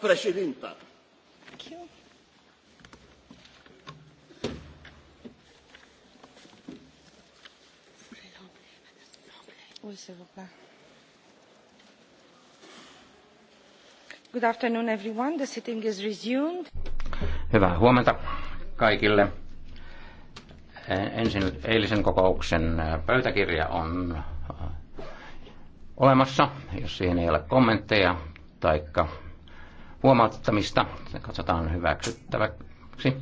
președintă. Good afternoon everyone. The sitting is resumed. Hyvää huomenta kaikille. E, ensin eilisen kokouksen e, pöytäkirja on e, olemassa, jos siihen ei ole kommentteja taikka huomauttamista. Se katsotaan hyväksyttäväksi.